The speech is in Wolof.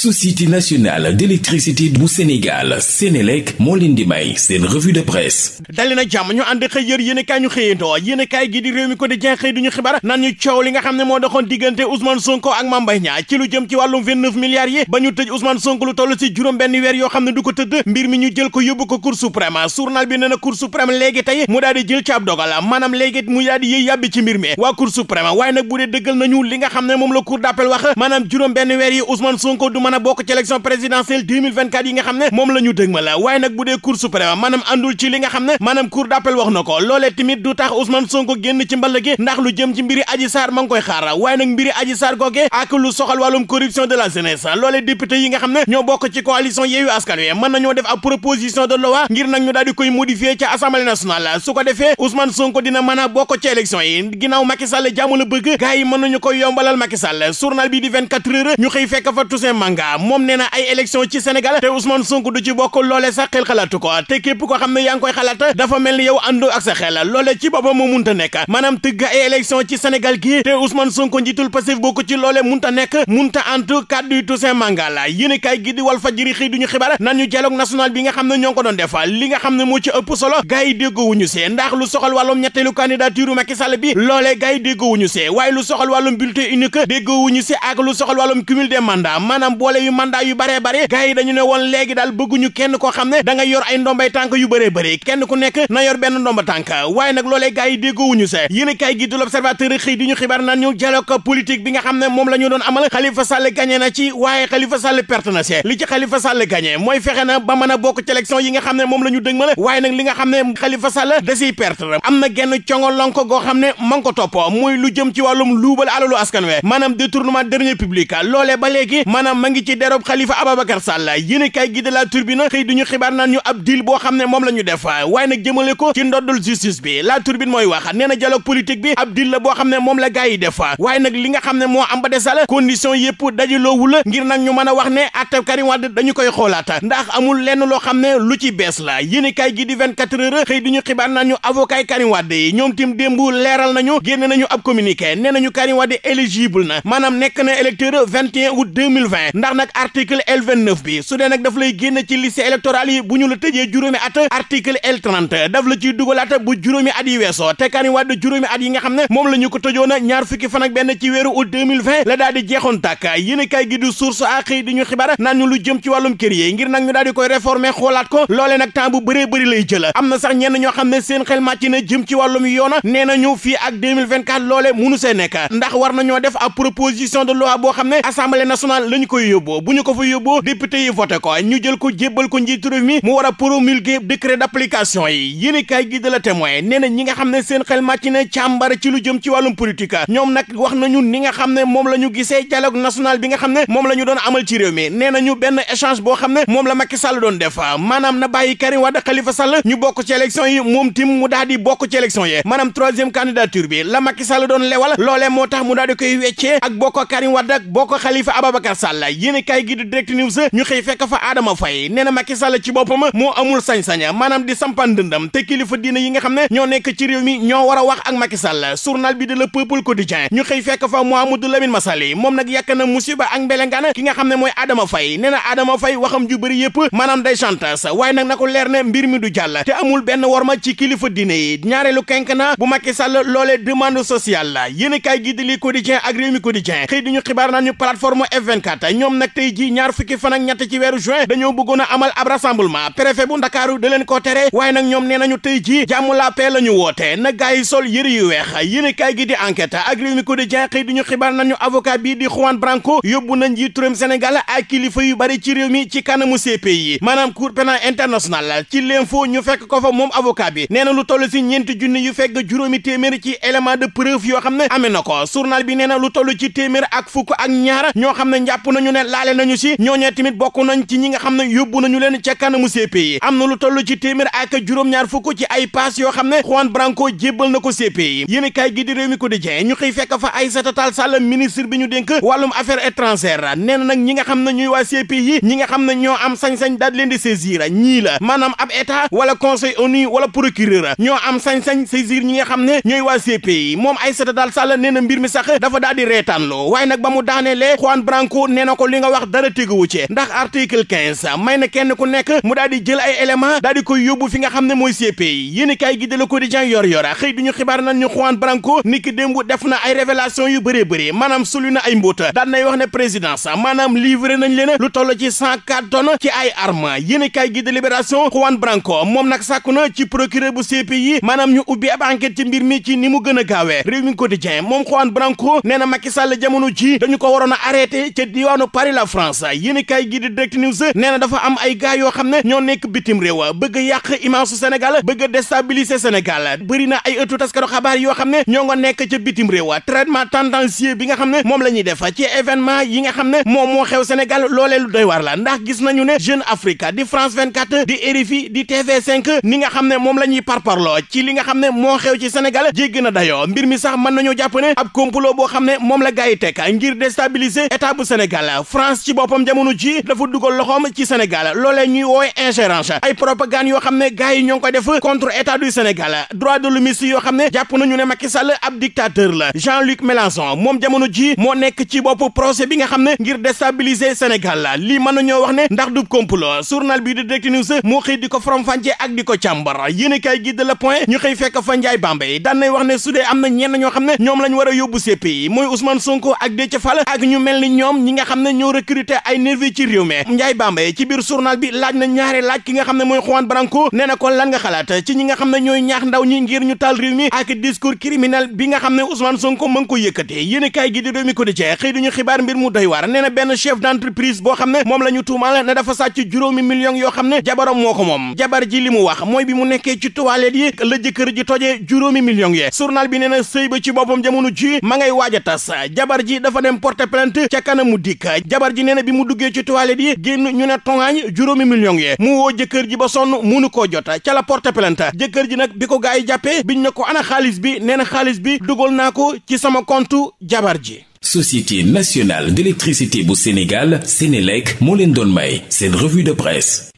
société nationale d'électricité bu Sénégal Sénélec moo leen di may seen revue de presse dali na ñu ànd xëy yër yéen kaay ñu xëyandoo yéen kaay gi di réew mi ko di jen xëy duñu xibaar naan ñu coow li nga xam ne moo doxoon diggante Ousmane Sonko ak Mame Mbaye Niang ci lu jëm ci wàllum 29 yi ba ñu tëj Ousmane Sonko lu toll ci juróom benn weer yoo xam ne du ko tëdd mbir mi ñu jël ko yóbbu ko Cour suprême journal bi nee na Cour suprême léegi mu daal di jël ci ab dogal maanaam léegi moom la Cour d'appel wax maanaam mën bokk ci élection présidentielle 2024 yi nga xam ne moom la ñu dëg ma la waaye nag bu dee cour suprême maanaam ci li nga xam ne maanaam cour d'appel wax na ko loolee du tax Ousmane Sonko génn ci mball gi ndax lu jëm ci mbiri Adji Sarr ma ngi waaye nag mbiri Adji Sarr googee ak lu soxal wàllum corruption de la jeunesse loolee député yi nga xam ne ñoo bokk ci coalition Yewwi Askan Wi mën nañoo def ab proposition de loi ngir nag ñu Teranga moom nee na ay élection ci Sénégal te Ousmane Sonko du ci bokk loole sax xel xalaatu ko te képp koo xam ne yaa ngi dafa mel ni yow àndu ak sa xel loole ci boppam moo munta nekk maanaam tëgg ay élection ci Sénégal gii te Ousmane Sonko njiitul Pastef bokk ci loole munta nekk munta antu kàddu yu Mangala yéen kaay gi di duñu xibaar nan ñu dialogue national xam ne ñoo ko doon def xam ne moo ci ëpp solo gars yi déggoowuñu see ndax lu soxal lu soxal wala yu mandat yu baree bare gars yi kenn koo xam ne da nga yor ay ndombay tànk yu bëree bëri kenn ku nekk na yor benn ndomba tànk waaye nag loolee gars yi déggoowuñu sa yéen kaay gi du l'observateur xëy di ñu xibaar naan ñu dialogue politique bi nga xam ne moom la ñu doon amal Khalifa Sall gagné na ci waaye Khalifa Sall perte na see li ci Khalifa Sall gagné mooy fexe na ba a bokk ci élection yi nga xam ne moom la ñu dëgmal waaye nag li nga xam ne Khalifa Sall da siy am na genn congo lonko goo xam ne ma ngi ko topp muy lu jëm ci wàllum luubal alalu askan we maanaam détournement deniers publics loolee ba léegi maanaam ma ngi ngi ci deroob Khalifa Ababacar Sall yéenekaay gi de La Tribune xëy duñu xibaar naan ñu ab deal boo xam ne moom la ñu def waaye nag jëmale ko ci ndoddul justice bi La Tribune mooy wax nee na dialogue politique bi ab deal la boo xam ne moom la gars yi def waaye nag li nga xam ne moo am ba desal condition yëpp dajaloowul ngir nag ñu mën a wax ne atte Karim Wade dañu koy xoolaat ndax amul lenn loo xam ne lu ci bees la yéenekaay gi di 24 heures xëy duñu xibaar naan ñu avocat Karim Wade yi ñoom tim démb leeral nañu génne nañu ab communiqué nee nañu Karim Wade éligible na maanaam nekk na électeur 21 août 2020 yaakaar nag article L29 bi su nag daf lay génn ci liste électorale yi bu ñu la tëjee juróomi at article L30 daf la ciy dugalaat bu juróomi at yi weesoo te Karim Wade juróomi at yi nga xam ne moom la ñu ko tëjoon ñaar fukki fan ak benn ci weeru août 2020 la daal di jeexoon tàkk yéen kay gi du source a xëy di ñu xibaar naan ñu lu jëm ci wàllum kër yi ngir nag ñu daal di koy réformer xoolaat ko loolee nag temps bu bëree bëri lay jël am na sax ñenn ñoo xam ne seen xel màcc na jëm ci wàllum yoon nee nañu fii ak 2024 loole see nekk ndax war nañoo def ab proposition de boo xam ne assemblée nationale lañu koy yóbboo bu ñu ko fa yóbboo député yi voté ko ñu jël ko jébbal ko njiitu mi mu war a promulguer décret d'application yi yéen kaay gi de la témoin nee na ñi nga xam ne seen xel màcc na càmbara ci lu jëm ci wàllum politique ñoom nag wax nañu ni nga xam ne moom la ñu gisee dialogue national bi nga xam ne moom la ñu doon amal ci réew mi nee nañu benn échange boo xam ne moom la Macky Sall doon def maanaam na bàyyi Karim da Khalifa Sall ñu bokk ci élection yi moom tim mu moo tax mu daal di koy weccee ak bokk Karim yéen kaay gi di direct ñu xëy fekk fa Adama Faye nee na Macky Sall ci boppam moo amul sañ-saña maanaam di sampan dëndam te kilifa diine yi nga xam ne ñoo nekk ci réew mi ñoo war a wax ak Macky Sall journal bi de le peuple quotidien ñu xëy fekk fa Mouhamadou Lamine Massaly moom nag yàkk na musiba ak mbelengaan ki nga xam ne mooy Adama Faye nee na Adama Faye waxam ju bëri yëpp maanaam day chantage waaye nag na ko leer ne mbir mi du jàll te amul benn ma ci kilifa diine yi ñaareelu quinquennat bu Macky Sall loolee demande sociale la yéen kaay gi di li quotidien ak réew mi quotidien xëy ñoom nag tey ji ñaar fukki fan ak ñett ci weeru juin dañoo bëggoon a amal ab rassemblement préfet bu ndakaaru da leen ko ñoom nee nañu tey ji jàmm la paix woote na gaa yi sol yëri yu weex yéene kaay gi di enquête ak réew mi ko di jenqi di ñu xibaar nañu avocat bii di Juan Branco yóbbu nañ ji turam Sénégal ak kilifa yu bari ci réew mi ci kanamu CPI maanaam cour pénale internationale ci l'info ñu fekk ko fa moom avocat bi nee na lu toll si ñeenti junni yu fekk juróomi téeméer ci élément de yoo xam ne amee na ko journal bi nee na lu toll ci téeméer ak fukk ak ñaar ñoo xam ne jàpp nañu ne laale nañu ci ñooñee tamit bokk nañ ci ñi nga xam ne yóbbu nañu leen ca kanamu CPI am na lu toll ci téeméer ak juróom-ñaar xam na ko CPI yéen kaay am sañ-sañ daal leen di saisir ñii la maanaam ab état wala conseil wala procureur ñoo am sañ-sañ saisir xam ne ñooy waa CPI moom ay Tall Sall nee na mbir mi sax dafa daal di reetaanloo waaye nag ba mu daanelee Juan Branco nee ko li nga wax dara teguwu ci ndax article 15 may na kenn ku nekk mu daal di jël ay élément daal di koy yóbbu fi nga xam ne mooy CPI yéen i kaay gi de Le Quotidien yor yora xëy duñu xibaar nan ñu Juan Branco niki démb def na ay révélation yu bëree bëri maanaam sulu na ay mbóota daan nay wax ne présidence maanaam livré nañ leen lu toll ci cent quatre tonnes ci ay armes yéen i kaay gi de Libération Juan Branco moom nag sàkku na ci procureur bu CPI maanaam ñu ubbi ab mi ci ni mu gën a gaawee Rewmi Quotidien na Macky Sall Paris la France yéenekaay gi di Direct News nee na dafa am ay gars yoo xam ne ñoo nekk bitim réew bëgg yàq image su Sénégal bëgg a déstabiliser Sénégal bëri na ay ëttu taskatu xabaar yoo xam ne ñoo nga nekk ci bitim réew traitement tendancieux bi nga xam ne moom la ñuy def ci événement yi nga xam ne moom moo xew Sénégal loolee lu doy waar la ndax gis nañu ne Jeune Afrique di France 24 di RFI di TV5 ni nga xam ne moom la ñuy parparloo ci li nga xam ne moo xew ci Sénégal jéggi na dayoo mbir mi sax mën nañoo jàpp ne ab complot boo xam ne moom la gars yi teg ngir déstabiliser état bu Sénégal France ci boppam jamono ji dafa dugal loxoom ci Sénégal loolee ñuy woowe ingérence ay propagande yoo xam ne gars yi ñoo ngi koy def contre état du Sénégal droit de l'hommiste yoo xam ne jàpp nañu ne Macky Sall ab dictateur la Jean-Luc Mélenchon moom jamono ji moo nekk ci bopp projet bi nga xam ne ngir déstabiliser Sénégal la lii mën nañoo wax ne ndax du complot journal bi di Direct News moo xëy di ko faram-fàccee ak di ko càmbar yéen i ñu xëy fekk fa Ndiaye Bambey daan nay wax ne su dee am na ñenn ñoo xam ne ñoom lañ war a yóbbu CPI mooy Ousmane Sonko ak Déthié mel ni ñoom ñi nga xam ñoo recruter ay nervi ci réew mi Ndiaye Bambaye ci biir journal bi laaj na ñaari laaj ki nga xam ne mooy Juan Branco nee na ko lan nga xalaat ci ñi nga xam ne ñooy ñaax ndaw ñi ngir ñu taal réew mi ak discours criminel bi nga xam ne Ousmane Sonko mën ko yëkkatee yéen kaay gi di réew mi ko di cee xëy duñu xibaar mbir mu doy waar nee na benn chef d'entreprise boo xam ne moom la ñu tuumal ne dafa sàcc juróomi millions yoo xam ne jabaram moo ko moom jabar ji li mu wax mooy bi mu nekkee ci toilette yi la jëkkër ji tojee juróomi millions yee journal bi nee na sëy ba ci boppam jamono ji ma ngay waaj a tas ji dafa dem porter plainte ca kanamu dikk jabar ji nee na bi mu duggee ci toilette yi génn ñu ne tongaañ juróomi millions yee mu woo jëkkër ji ba sonn munu koo jota ca la porte plainte jëkkër ji nag bi ko gaa yi jàppee biñ ne ko ana xaalis bi nee xaalis bi dugal naa ko ci sama compte jabar ji société nationale d'électricité bu Sénégal Sénélec moo leen doon may seen revue de presse